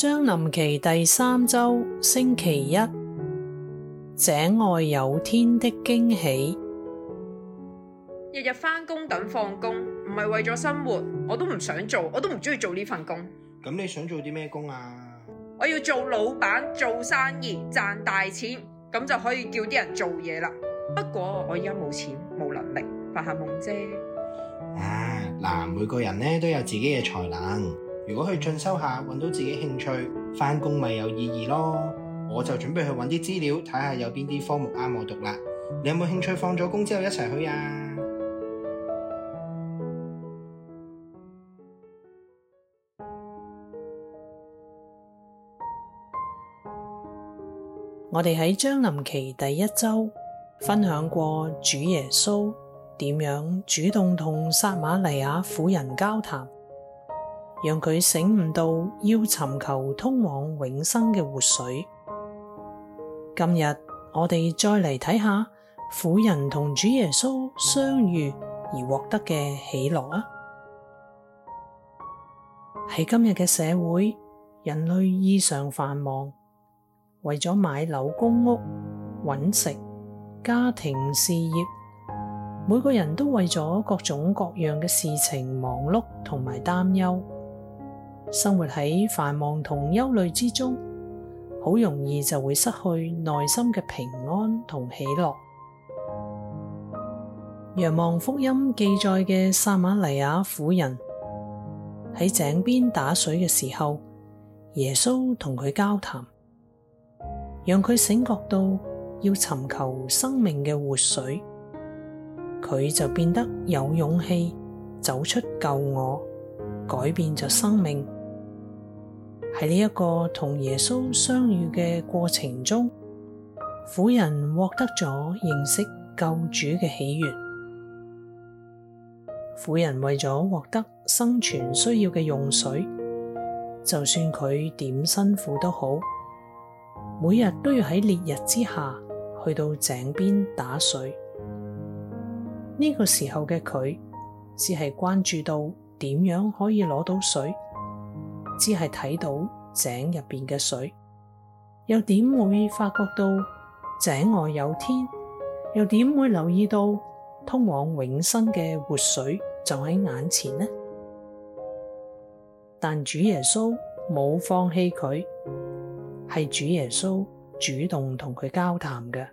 將臨期第三周星期一，井外有天的驚喜。日日返工等放工，唔係為咗生活，我都唔想做，我都唔中意做呢份工。咁你想做啲咩工啊？我要做老闆，做生意賺大錢，咁就可以叫啲人做嘢啦。不過我而家冇錢，冇能力，發下夢啫。啊嗱，每個人咧都有自己嘅才能。如果去進修下，搵到自己興趣，返工咪有意義咯。我就準備去搵啲資料睇下，看看有邊啲科目啱我讀啦。你有冇興趣放咗工之後一齊去啊？ 我哋喺將臨期第一週分享過主耶穌點樣主動同撒瑪黎雅婦人交談。讓佢醒悟到要尋求通往永生嘅活水。今日我哋再嚟睇下婦人同主耶穌相遇而獲得嘅喜樂啊！喺今日嘅社會，人類異常繁忙，為咗買樓、供屋、揾食、家庭事業，每個人都為咗各種各樣嘅事情忙碌同埋擔憂。生活喺繁忙同憂慮之中，好容易就會失去內心嘅平安同喜樂。若望福音記載嘅撒瑪黎雅婦人喺井邊打水嘅時候，耶穌同佢交談，讓佢醒覺到要尋求生命嘅活水，佢就變得有勇氣走出舊我，改變咗生命。喺呢一個同耶穌相遇嘅過程中，婦人獲得咗認識救主嘅喜悅。婦人為咗獲得生存需要嘅用水，就算佢點辛苦都好，每日都要喺烈日之下去到井邊打水。呢、這個時候嘅佢，只係關注到點樣可以攞到水。只係睇到井入邊嘅水，又點會發覺到井外有天，又點會留意到通往永生嘅活水就喺眼前呢？但主耶穌冇放棄佢，係主耶穌主動同佢交談嘅，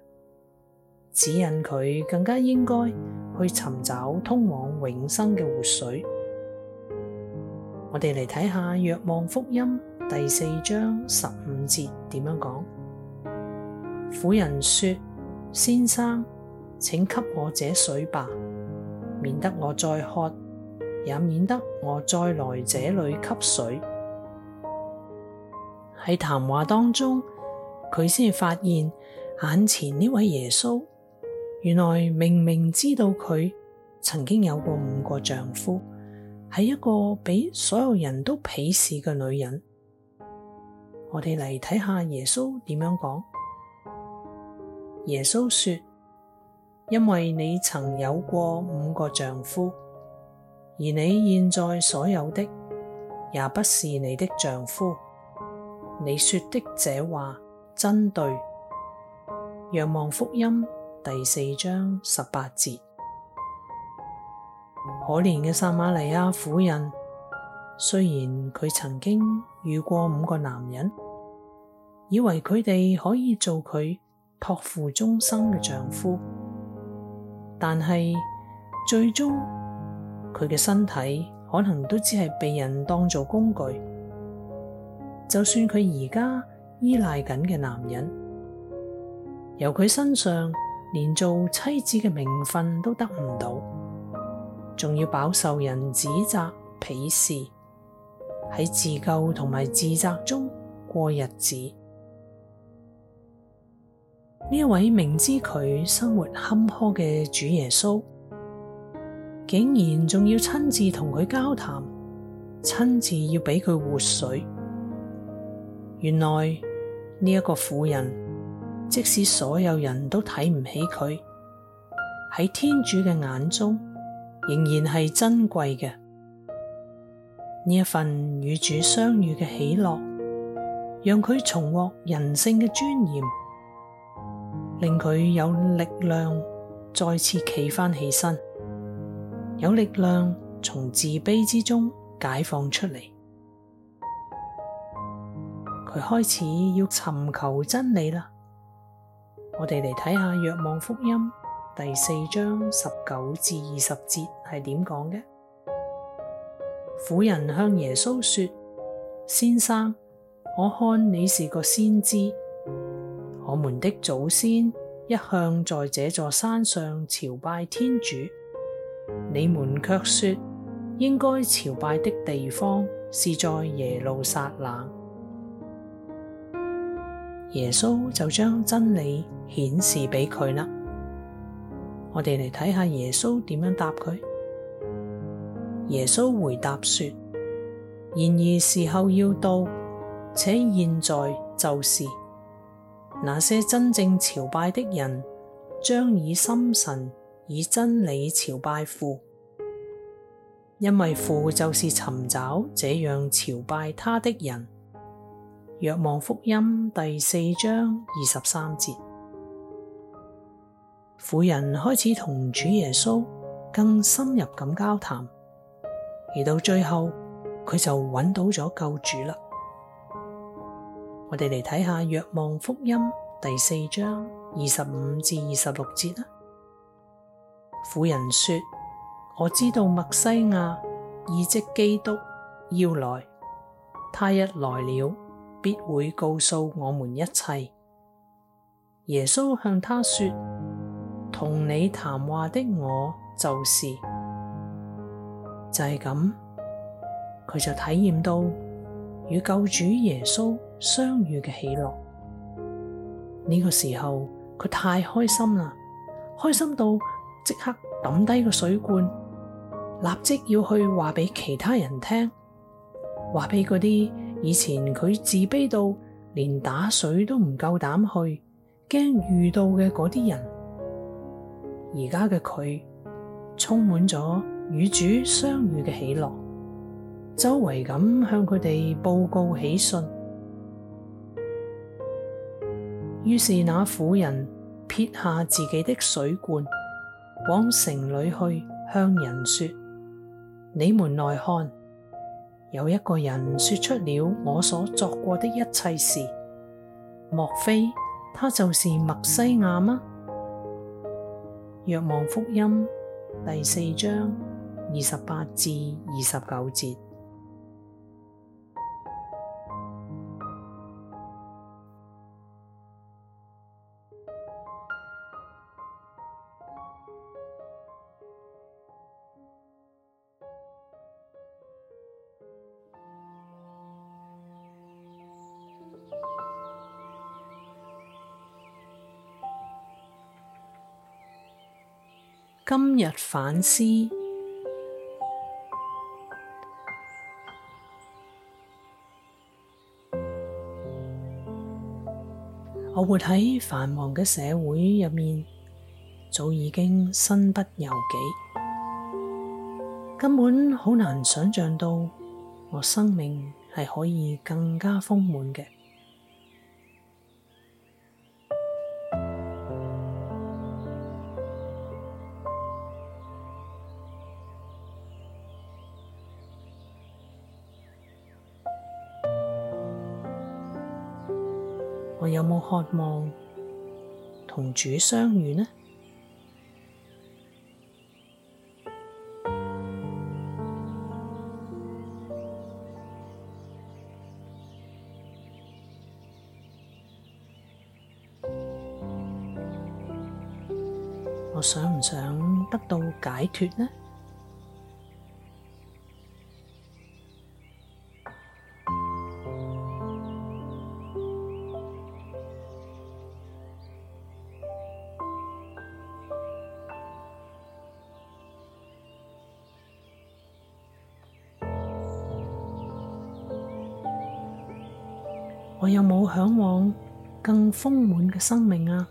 指引佢更加應該去尋找通往永生嘅活水。我哋嚟睇下《若望福音》第四章十五節點樣講。婦人說：先生，請給我這水罷，免得我再渴，也免得我再來這裏汲水。喺談話當中，佢先發現眼前呢位耶穌，原來明明知道佢曾經有過五個丈夫，係一個俾所有人都鄙視嘅女人，我哋嚟睇下耶穌點樣講。耶穌說：因為你曾有過五個丈夫，而你現在所有的，也不是你的丈夫。你說的這話真對。若望福音第四章十八節。可憐嘅撒瑪黎雅婦人，雖然佢曾經遇過五個男人，以為佢哋可以做佢託付終生嘅丈夫，但係最終佢嘅身體可能都只係被人當做工具。就算佢而家依賴緊嘅男人，由佢身上連做妻子嘅名分都得唔到。仲要飽受人指責、鄙視，喺自救同埋自責中過日子。呢位明知佢生活坎坷嘅主耶穌，竟然仲要親自同佢交談，親自要俾佢活水。原來呢一、這個婦人，即使所有人都睇唔起佢，喺天主嘅眼中，仍然係珍貴嘅。呢一份與主相遇嘅喜樂，讓佢重獲人性嘅尊嚴，令佢有力量再次企翻起身，有力量從自卑之中解放出嚟。佢開始要尋求真理啦。我哋嚟睇下《若望福音》。第四章十九至二十節係點講嘅？婦人向耶穌說：「先生，我看你是個先知。我們的祖先一向在這座山上朝拜天主，你們卻說應該朝拜的地方是在耶路撒冷。」耶穌就將真理顯示俾佢啦。我哋嚟睇下耶穌點樣答佢。耶穌回答說：「然而時候要到，且現在就是。那些真正朝拜的人，將以心神以真理朝拜父，因為父就是尋找這樣朝拜他的人。」若望福音第四章二十三節。婦人開始同主耶穌更深入咁交談，而到最後佢就揾到咗救主啦。我哋嚟睇下《若望福音》第四章二十五至二十六節啦。婦人說：我知道默西亞意即基督要來，他一來了，必會告訴我們一切。耶穌向他說。同你談話的我就是。就係咁，佢就體驗到與救主耶穌相遇嘅喜樂。呢個時候佢太開心啦，開心到即刻抌低個水罐，立即要去話俾其他人聽，話俾嗰啲以前佢自卑到連打水都唔夠膽去，驚遇到嘅嗰啲人。而家嘅佢充滿咗與主相遇嘅喜樂，周圍咁向佢哋報告喜訊。於是那婦人撇下自己的水罐，往城裏去向人說：你們來看，有一個人說出了我所作過的一切事，莫非他就是默西亞嗎？《若望福音》第四章二十八至二十九節。今日反思，我活喺繁忙嘅社會入面，早已經身不由己，根本好難想象到我生命係可以更加豐滿嘅。有冇渴望同主相遇呢？我想唔想得到解脫呢？嚮往更豐滿嘅生命啊！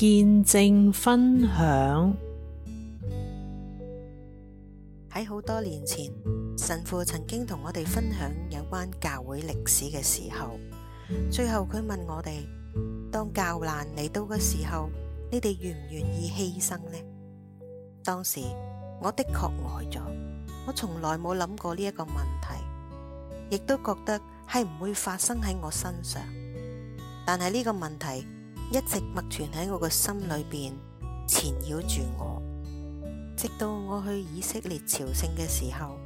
見證分享喺好多年前，神父曾經同我哋分享有關教會歷史嘅時候，最後佢問我哋：當教難嚟到嘅時候，你哋願唔願意犧牲呢？當時我的確呆咗，我從來冇諗過呢一個問題，亦都覺得係唔會發生喺我身上。但係呢個問題。一直默存喺我個心裏邊，纏繞住我。直到我去以色列朝聖嘅時候，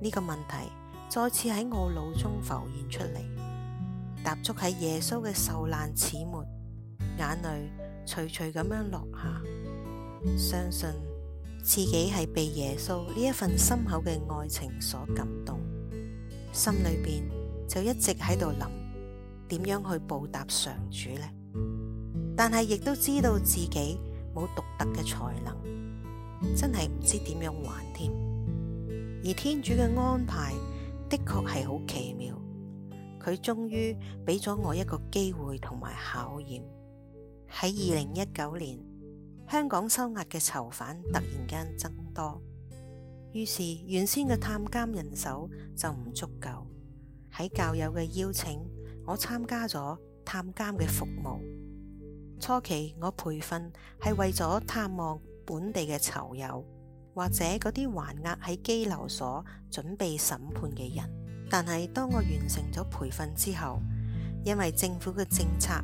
呢個問題再次喺我腦中浮現出嚟，踏足喺耶穌嘅受難始末，眼淚徐徐咁樣落下。相信自己係被耶穌呢一份深厚嘅愛情所感動，心裏邊就一直喺度諗，點樣去報答上主呢？但係亦都知道自己冇獨特嘅才能，真係唔知點樣還添。而天主嘅安排的確係好奇妙，佢終於俾咗我一個機會同埋考驗。喺二零一九年，香港收押嘅囚犯突然間增多，於是原先嘅探監人手就唔足夠。喺教友嘅邀請，我參加咗探監嘅服務。初期我培訓係為咗探望本地嘅囚友，或者嗰啲還押喺羈留所準備審判嘅人。但係當我完成咗培訓之後，因為政府嘅政策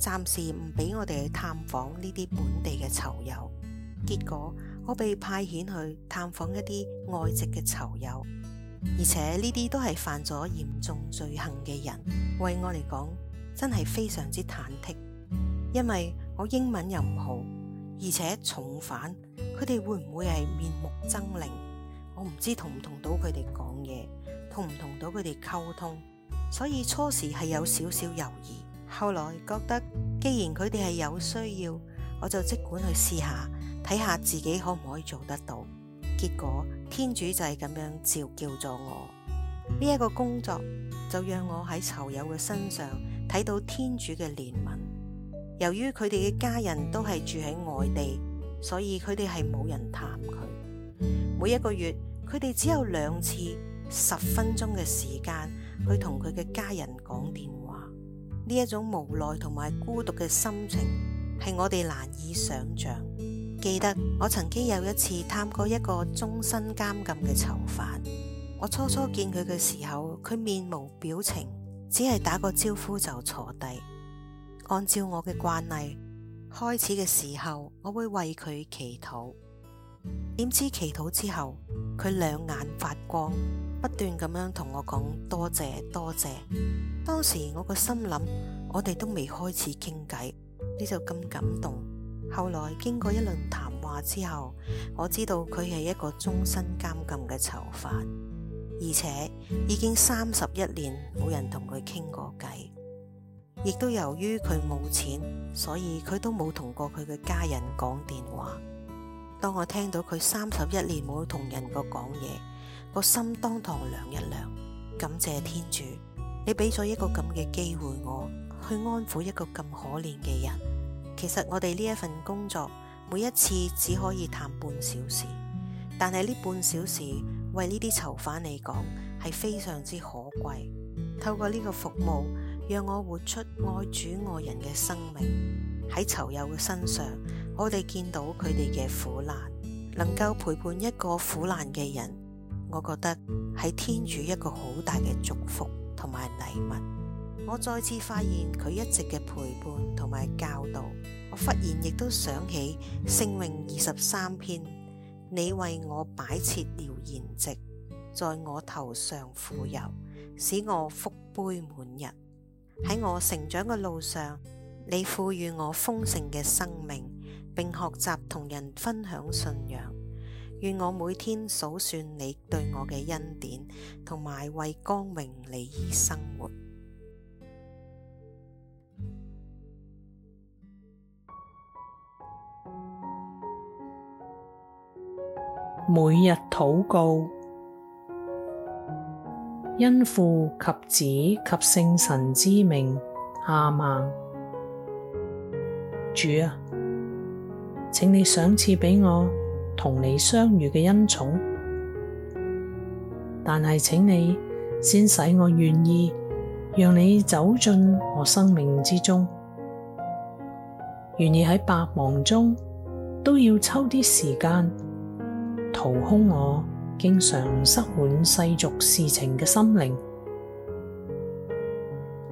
暫時唔俾我哋探訪呢啲本地嘅囚友，結果我被派遣去探訪一啲外籍嘅囚友，而且呢啲都係犯咗嚴重罪行嘅人。為我嚟講，真係非常之忐忑。因為我英文又唔好，而且重犯，佢哋會唔會係面目崢嶸？我唔知同唔同到佢哋講嘢，同唔同到佢哋溝通，所以初時係有少少猶豫，後來覺得既然佢哋係有需要，我就即管去試下，睇下自己可唔可以做得到。結果天主就係咁樣召叫咗我，呢一個工作就讓我喺囚友嘅身上睇到天主嘅憐憫。由於佢哋嘅家人都係住喺外地，所以佢哋係冇人探佢。每一個月，佢哋只有兩次十分鐘嘅時間去同佢嘅家人講電話。呢一種無奈同埋孤獨嘅心情，係我哋難以想像。記得我曾經有一次探過一個終身監禁嘅囚犯，我初初見佢嘅時候，佢面無表情，只係打個招呼就坐低。按照我嘅慣例，開始嘅時候我會為佢祈禱。點知祈禱之後，佢兩眼發光，不斷咁樣同我講多謝多謝。當時我個心諗，我哋都未開始傾偈，你就咁感動。後來經過一輪談話之後，我知道佢係一個終身監禁嘅囚犯，而且已經三十一年冇人同佢傾過偈。亦都由於佢冇錢，所以佢都冇同過佢嘅家人講電話。當我聽到佢三十一年冇同人個講嘢，個心當堂涼一涼。感謝天主，你俾咗一個咁嘅機會我，我去安撫一個咁可憐嘅人。其實我哋呢一份工作，每一次只可以談半小時，但係呢半小時為呢啲囚犯嚟講，係非常之可貴。透過呢個服務。讓我活出愛主愛人嘅生命。喺囚友嘅身上，我哋見到佢哋嘅苦難，能夠陪伴一個苦難嘅人，我覺得係天主一個好大嘅祝福同埋禮物。我再次發現佢一直嘅陪伴同埋教導，我忽然亦都想起聖詠二十三篇：「你為我擺設了筵席，在我頭上傅油，使我福杯滿溢。」喺我成長嘅路上，你賦予我豐盛嘅生命，並學習同人分享信仰。願我每天數算你對我嘅恩典，同埋為光榮你而生活。每日禱告。因父及子及聖神之名亞孟。主啊，請你賞賜畀我同你相遇嘅恩寵，但係請你先使我願意，讓你走進我生命之中，願意喺百忙中都要抽啲時間掏空我。經常塞滿世俗事情嘅心靈，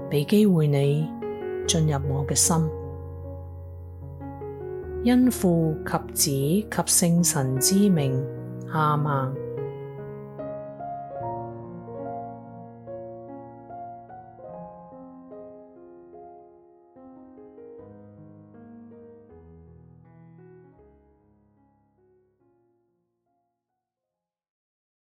俾機會你進入我嘅心，因父及子及聖神之名，亞孟。